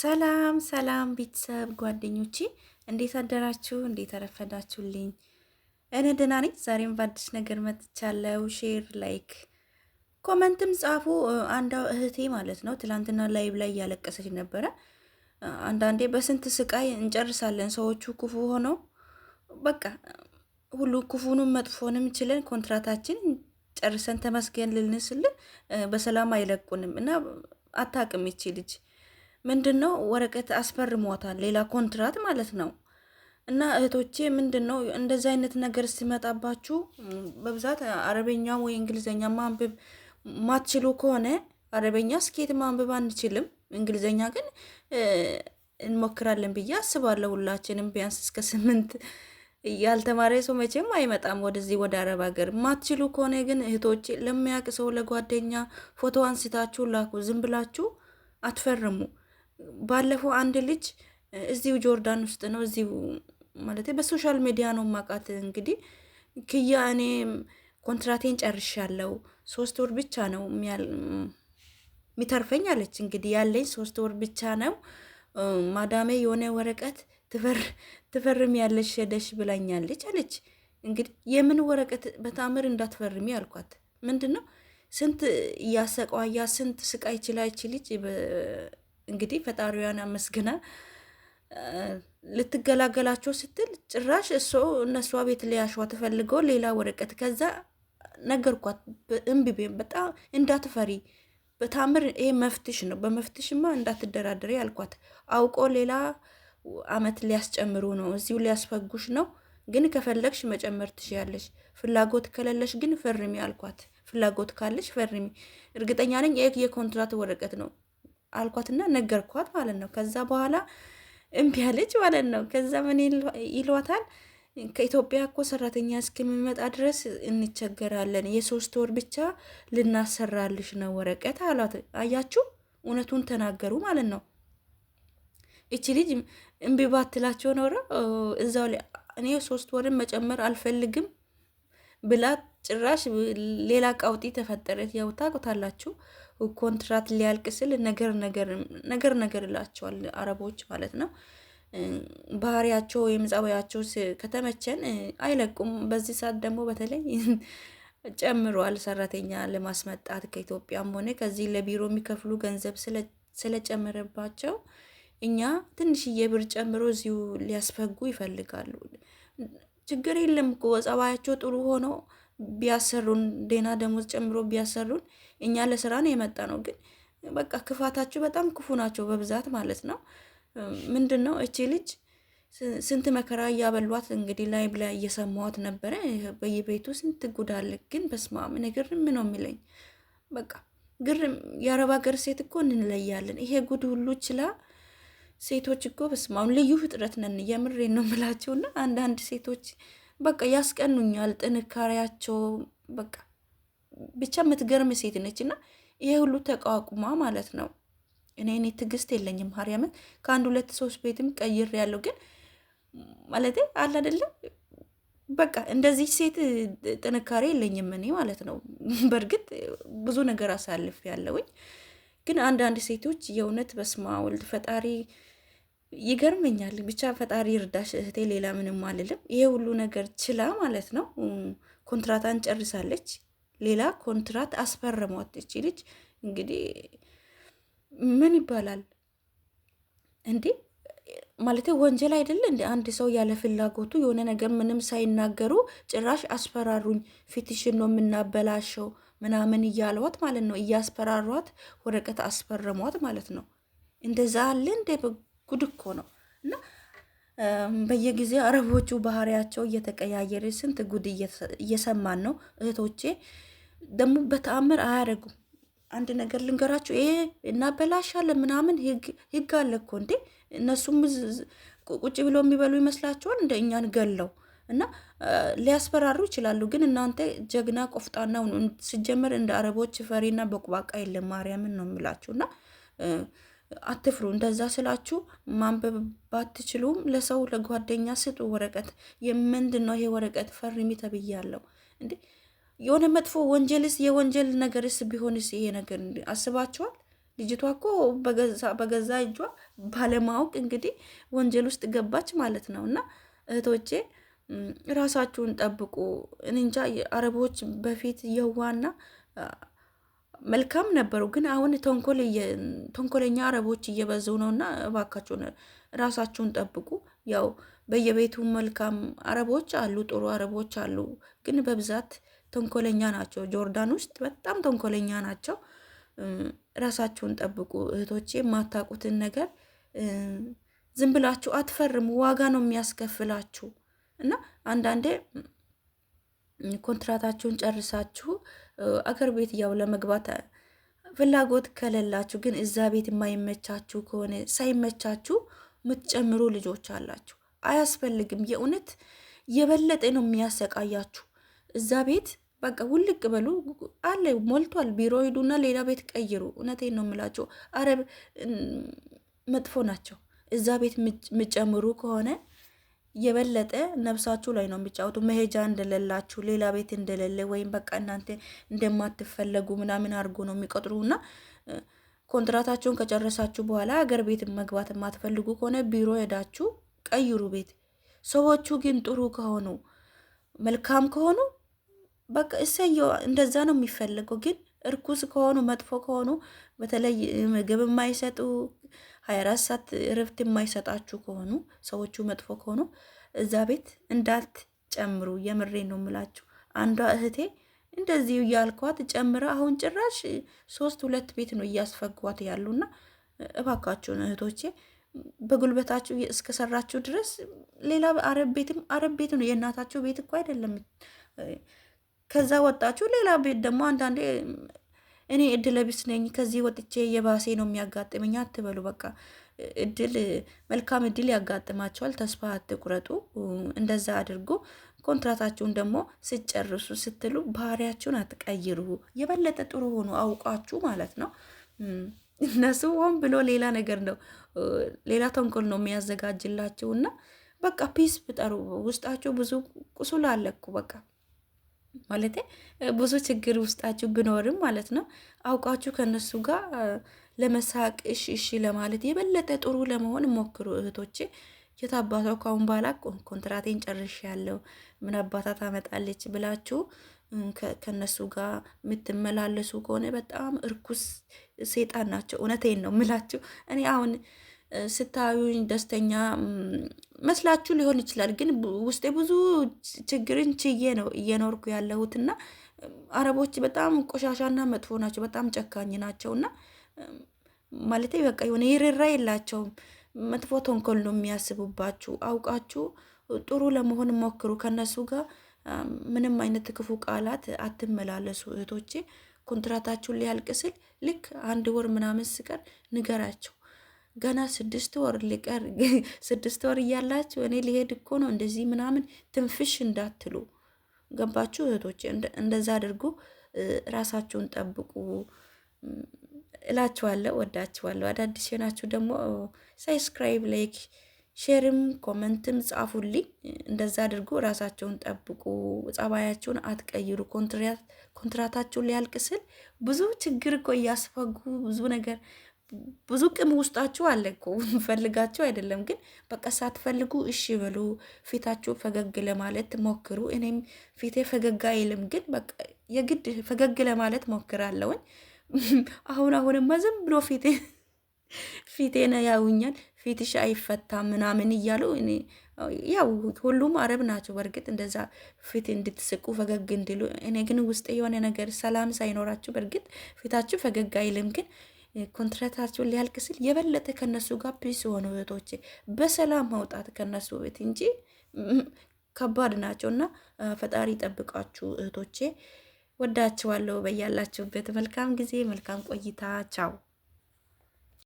ሰላም ሰላም ቤተሰብ ጓደኞቼ፣ እንዴት አደራችሁ? እንዴት አረፈዳችሁልኝ? እኔ ደህና ነኝ። ዛሬም በአዲስ ነገር መጥቻለሁ። ሼር፣ ላይክ፣ ኮመንትም ጻፉ። አንዷ እህቴ ማለት ነው ትላንትና ላይብ ላይ እያለቀሰች ነበረ። አንዳንዴ በስንት ስቃይ እንጨርሳለን። ሰዎቹ ክፉ ሆነው በቃ ሁሉ ክፉንም መጥፎንም ችለን ኮንትራታችን ጨርሰን ተመስገን ልንስል በሰላም አይለቁንም እና አታቅም ይቺ ልጅ ምንድን ነው ወረቀት አስፈርሟታል፣ ሌላ ኮንትራት ማለት ነው። እና እህቶቼ ምንድን ነው እንደዚህ አይነት ነገር ሲመጣባችሁ በብዛት አረበኛ ወይ እንግሊዘኛ ማንበብ ማትችሉ ከሆነ አረበኛ ስኬት ማንበብ አንችልም፣ እንግሊዘኛ ግን እንሞክራለን ብዬ አስባለሁ። ሁላችንም ቢያንስ እስከ ስምንት ያልተማረ ሰው መቼም አይመጣም ወደዚህ ወደ አረብ ሀገር። ማትችሉ ከሆነ ግን እህቶቼ ለሚያውቅ ሰው ለጓደኛ ፎቶ አንስታችሁ ላኩ። ዝም ብላችሁ አትፈርሙ። ባለፈው አንድ ልጅ እዚሁ ጆርዳን ውስጥ ነው እዚሁ ማለት በሶሻል ሚዲያ ነው ማቃት። እንግዲህ ክያ እኔ ኮንትራቴን ጨርሻለሁ፣ ሶስት ወር ብቻ ነው ሚተርፈኝ አለች። እንግዲህ ያለኝ ሶስት ወር ብቻ ነው ማዳሜ የሆነ ወረቀት ትፈርም ያለሽ ሄደሽ ብላኛለች አለች። እንግዲህ የምን ወረቀት በታምር እንዳትፈርሚ አልኳት። ምንድን ነው ስንት እያሰቃያ ስንት ስቃይ ችላች ልጅ እንግዲህ ፈጣሪዋን አመስግና ልትገላገላቸው ስትል ጭራሽ እሶ እነሷ ቤት ሊያሿ ተፈልጎ ሌላ ወረቀት ከዛ ነገርኳት እምቢቤ በጣም እንዳትፈሪ በታምር ይሄ መፍትሽ ነው በመፍትሽማ እንዳትደራደሪ ያልኳት አውቆ ሌላ አመት ሊያስጨምሩ ነው እዚሁ ሊያስፈጉሽ ነው ግን ከፈለግሽ መጨመር ትችያለሽ ፍላጎት ከሌለሽ ግን ፈርሚ አልኳት ፍላጎት ካለሽ ፈርሚ እርግጠኛ ነኝ የኮንትራት ወረቀት ነው አልኳትና ነገርኳት ማለት ነው። ከዛ በኋላ እምቢ አለች ማለት ነው። ከዛ ምን ይሏታል? ከኢትዮጵያ እኮ ሰራተኛ እስከሚመጣ ድረስ እንቸገራለን። የሶስት ወር ብቻ ልናሰራልሽ ነው ወረቀት አሏት። አያችሁ፣ እውነቱን ተናገሩ ማለት ነው። እቺ ልጅ እምቢ ባትላቸው ኖረ እዛው ላይ እኔ ሶስት ወርን መጨመር አልፈልግም ብላ ጭራሽ ሌላ ቀውጢ ተፈጠረት። ያው ታውቃላችሁ። ኮንትራት ሊያልቅ ስል ነገር ነገር ነገር እላቸዋል አረቦች ማለት ነው። ባህሪያቸው ወይም ጸባያቸው ከተመቸን አይለቁም። በዚህ ሰዓት ደግሞ በተለይ ጨምሯል። ሰራተኛ ለማስመጣት ከኢትዮጵያም ሆነ ከዚህ ለቢሮ የሚከፍሉ ገንዘብ ስለጨመረባቸው እኛ ትንሽዬ ብር ጨምሮ እዚሁ ሊያስፈጉ ይፈልጋሉ። ችግር የለም እኮ ጸባያቸው ጥሩ ሆኖ ቢያሰሩን፣ ደህና ደሞዝ ጨምሮ ቢያሰሩን እኛ ለስራ ነው የመጣ ነው። ግን በቃ ክፋታችሁ በጣም ክፉ ናቸው በብዛት ማለት ነው። ምንድን ነው እቺ ልጅ ስንት መከራ እያበሏት እንግዲህ ላይ ብላ እየሰማዋት ነበረ። በየቤቱ ስንት ጉዳለ ግን በስማም ግርም ነው የሚለኝ በቃ ግርም የአረብ ሀገር ሴት እኮ እንለያለን። ይሄ ጉድ ሁሉ ችላ ሴቶች እኮ በስማም ልዩ ፍጥረት ነን። የምሬ ነው የምላቸውና አንዳንድ ሴቶች በቃ ያስቀኑኛል ጥንካሬያቸው በቃ ብቻ የምትገርም ሴት ነች እና ይሄ ሁሉ ተቋቁማ ማለት ነው። እኔ እኔ ትዕግስት የለኝም ማርያምን ከአንድ ሁለት ሶስት ቤትም ቀይር ያለው ግን ማለት አለ አይደለም በቃ እንደዚህ ሴት ጥንካሬ የለኝም እኔ ማለት ነው። በእርግጥ ብዙ ነገር አሳልፍ ያለውኝ ግን አንዳንድ ሴቶች የእውነት በስማ ወልድ ፈጣሪ ይገርመኛል። ብቻ ፈጣሪ እርዳሽ እህቴ፣ ሌላ ምንም አልልም። ይሄ ሁሉ ነገር ችላ ማለት ነው ኮንትራታን ጨርሳለች። ሌላ ኮንትራት አስፈርሟት እቺ ልጅ እንግዲህ ምን ይባላል እንዴ? ማለት ወንጀል አይደለ እንደ አንድ ሰው ያለ ፍላጎቱ የሆነ ነገር ምንም ሳይናገሩ ጭራሽ አስፈራሩኝ፣ ፊትሽን ነው የምናበላሸው ምናምን እያለዋት ማለት ነው። እያስፈራሯት ወረቀት አስፈረሟት ማለት ነው። እንደዛ አለ እንደ ጉድ እኮ ነው። እና በየጊዜ አረቦቹ ባህሪያቸው እየተቀያየረ ስንት ጉድ እየሰማን ነው እህቶቼ። ደግሞ በተአምር አያደርጉም። አንድ ነገር ልንገራችሁ፣ ይሄ እናበላሻለን ምናምን ህግ አለ እኮ እንዴ። እነሱም ቁጭ ብሎ የሚበሉ ይመስላችኋል? እንደ እኛን ገለው እና ሊያስፈራሩ ይችላሉ። ግን እናንተ ጀግና ቆፍጣና ስጀምር እንደ አረቦች ፈሪና በቁባቃ የለም። ማርያምን ነው የሚላችሁ እና አትፍሩ። እንደዛ ስላችሁ ማንበብ ባትችሉም ለሰው ለጓደኛ ስጡ ወረቀት። ምንድን ነው ይሄ ወረቀት ፈርሚ ተብያለሁ እንዴ የሆነ መጥፎ ወንጀልስ የወንጀል ነገርስ ቢሆንስ ይሄ ነገር አስባችኋል? ልጅቷ እኮ በገዛ እጇ ባለማወቅ እንግዲህ ወንጀል ውስጥ ገባች ማለት ነው። እና እህቶቼ ራሳችሁን ጠብቁ። እንጃ አረቦች በፊት የዋና መልካም ነበሩ፣ ግን አሁን ተንኮለኛ አረቦች እየበዙ ነው። እና እባካችሁን ራሳችሁን ጠብቁ። ያው በየቤቱ መልካም አረቦች አሉ፣ ጥሩ አረቦች አሉ፣ ግን በብዛት ተንኮለኛ ናቸው። ጆርዳን ውስጥ በጣም ተንኮለኛ ናቸው። ራሳችሁን ጠብቁ እህቶቼ። የማታውቁትን ነገር ዝም ብላችሁ አትፈርሙ። ዋጋ ነው የሚያስከፍላችሁ እና አንዳንዴ ኮንትራታችሁን ጨርሳችሁ አገር ቤት ያው ለመግባት ፍላጎት ከሌላችሁ ግን እዛ ቤት የማይመቻችሁ ከሆነ ሳይመቻችሁ የምትጨምሩ ልጆች አላችሁ። አያስፈልግም። የእውነት የበለጠ ነው የሚያሰቃያችሁ እዛ ቤት በቃ ውልቅ በሉ አለ ሞልቷል። ቢሮ ሂዱና ሌላ ቤት ቀይሩ። እውነቴን ነው የምላቸው። አረብ መጥፎ ናቸው። እዛ ቤት ምጨምሩ ከሆነ የበለጠ ነብሳችሁ ላይ ነው የሚጫወቱ። መሄጃ እንደሌላችሁ ሌላ ቤት እንደሌለ ወይም በቃ እናንተ እንደማትፈለጉ ምናምን አድርጎ ነው የሚቆጥሩ እና ኮንትራታችሁን ከጨረሳችሁ በኋላ ሀገር ቤት መግባት የማትፈልጉ ከሆነ ቢሮ ሄዳችሁ ቀይሩ ቤት። ሰዎቹ ግን ጥሩ ከሆኑ መልካም ከሆኑ በቃ እሰየው፣ እንደዛ ነው የሚፈለገው። ግን እርኩስ ከሆኑ መጥፎ ከሆኑ በተለይ ምግብ የማይሰጡ ሀያ አራት ሰዓት እረፍት የማይሰጣችሁ ከሆኑ ሰዎቹ መጥፎ ከሆኑ እዛ ቤት እንዳትጨምሩ። የምሬ ነው የምላችሁ። አንዷ እህቴ እንደዚህ እያልኳት ጨምራ አሁን ጭራሽ ሶስት ሁለት ቤት ነው እያስፈጓት ያሉና እባካችሁን እህቶቼ በጉልበታችሁ እስከሰራችሁ ድረስ ሌላ አረብ ቤትም አረብ ቤት ነው። የእናታችሁ ቤት እኮ አይደለም። ከዛ ወጣችሁ ሌላ ቤት ደግሞ አንዳንዴ እኔ እድለ ቢስ ነኝ ከዚህ ወጥቼ የባሴ ነው የሚያጋጥመኝ አትበሉ። በቃ እድል መልካም እድል ያጋጥማቸዋል። ተስፋ አትቁረጡ። እንደዛ አድርጉ። ኮንትራታችሁን ደግሞ ስጨርሱ ስትሉ ባህሪያችሁን አትቀይሩ። የበለጠ ጥሩ ሆኑ አውቃችሁ ማለት ነው። እነሱ ሆን ብሎ ሌላ ነገር ነው ሌላ ተንኮል ነው የሚያዘጋጅላችሁና በቃ ፒስ ብጠሩ። ውስጣችሁ ብዙ ቁስል አለኩ በቃ ማለት ብዙ ችግር ውስጣችሁ ብኖርም ማለት ነው አውቃችሁ ከነሱ ጋር ለመሳቅ እሺ እሺ ለማለት የበለጠ ጥሩ ለመሆን ሞክሩ እህቶቼ። የታባታው ካሁን በኋላ ኮንትራቴን ጨርሽ ያለው ምን አባታ ታመጣለች ብላችሁ ከነሱ ጋር የምትመላለሱ ከሆነ በጣም እርኩስ ሴጣን ናቸው። እውነቴን ነው ምላችሁ እኔ አሁን ስታዩኝ ደስተኛ መስላችሁ ሊሆን ይችላል፣ ግን ውስጤ ብዙ ችግርን ችዬ ነው እየኖርኩ ያለሁትና አረቦች በጣም ቆሻሻና መጥፎ ናቸው። በጣም ጨካኝ ናቸውና ማለት በቃ የሆነ ይርራ የላቸውም። መጥፎ ተንኮል ነው የሚያስቡባችሁ። አውቃችሁ ጥሩ ለመሆን ሞክሩ። ከነሱ ጋር ምንም አይነት ክፉ ቃላት አትመላለሱ እህቶቼ። ኮንትራታችሁን ሊያልቅ ስል ልክ አንድ ወር ምናምን ስቀር ንገራቸው። ገና ስድስት ወር ሊቀር ስድስት ወር እያላችሁ እኔ ሊሄድ እኮ ነው እንደዚህ ምናምን ትንፍሽ እንዳትሉ። ገባችሁ እህቶች? እንደዛ አድርጉ፣ ራሳችሁን ጠብቁ እላችኋለሁ። ወዳችኋለሁ። አዳዲስ የሆናችሁ ደግሞ ሳብስክራይብ፣ ላይክ፣ ሼርም ኮመንትም ጻፉልኝ። እንደዛ አድርጉ፣ ራሳቸውን ጠብቁ፣ ጸባያችሁን አትቀይሩ። ኮንትራታችሁን ሊያልቅ ስል ብዙ ችግር እኮ እያስፈጉ ብዙ ነገር ብዙ ቅም ውስጣችሁ አለ እኮ ፈልጋችሁ አይደለም፣ ግን በቃ ሳትፈልጉ እሺ በሉ፣ ፊታችሁ ፈገግ ለማለት ሞክሩ። እኔም ፊቴ ፈገግ አይልም፣ ግን የግድ ፈገግ ለማለት ሞክራለሁኝ። አሁን አሁንማ ዝም ብሎ ፊቴ ፊቴን ያውኛል፣ ፊትሽ አይፈታ ምናምን እያሉ እኔ ያው ሁሉም አረብ ናቸው። በእርግጥ እንደዛ ፊት እንድትስቁ ፈገግ እንዲሉ፣ እኔ ግን ውስጥ የሆነ ነገር ሰላም ሳይኖራችሁ በእርግጥ ፊታችሁ ፈገግ አይልም ግን ኮንትራታቸውን ሊያልቅ ሲል የበለጠ ከነሱ ጋር ፒስ የሆኑ እህቶች በሰላም ማውጣት ከነሱ ቤት እንጂ ከባድ ናቸው እና ፈጣሪ ጠብቃችሁ እህቶቼ፣ ወዳችኋለሁ። በያላችሁበት መልካም ጊዜ፣ መልካም ቆይታ። ቻው።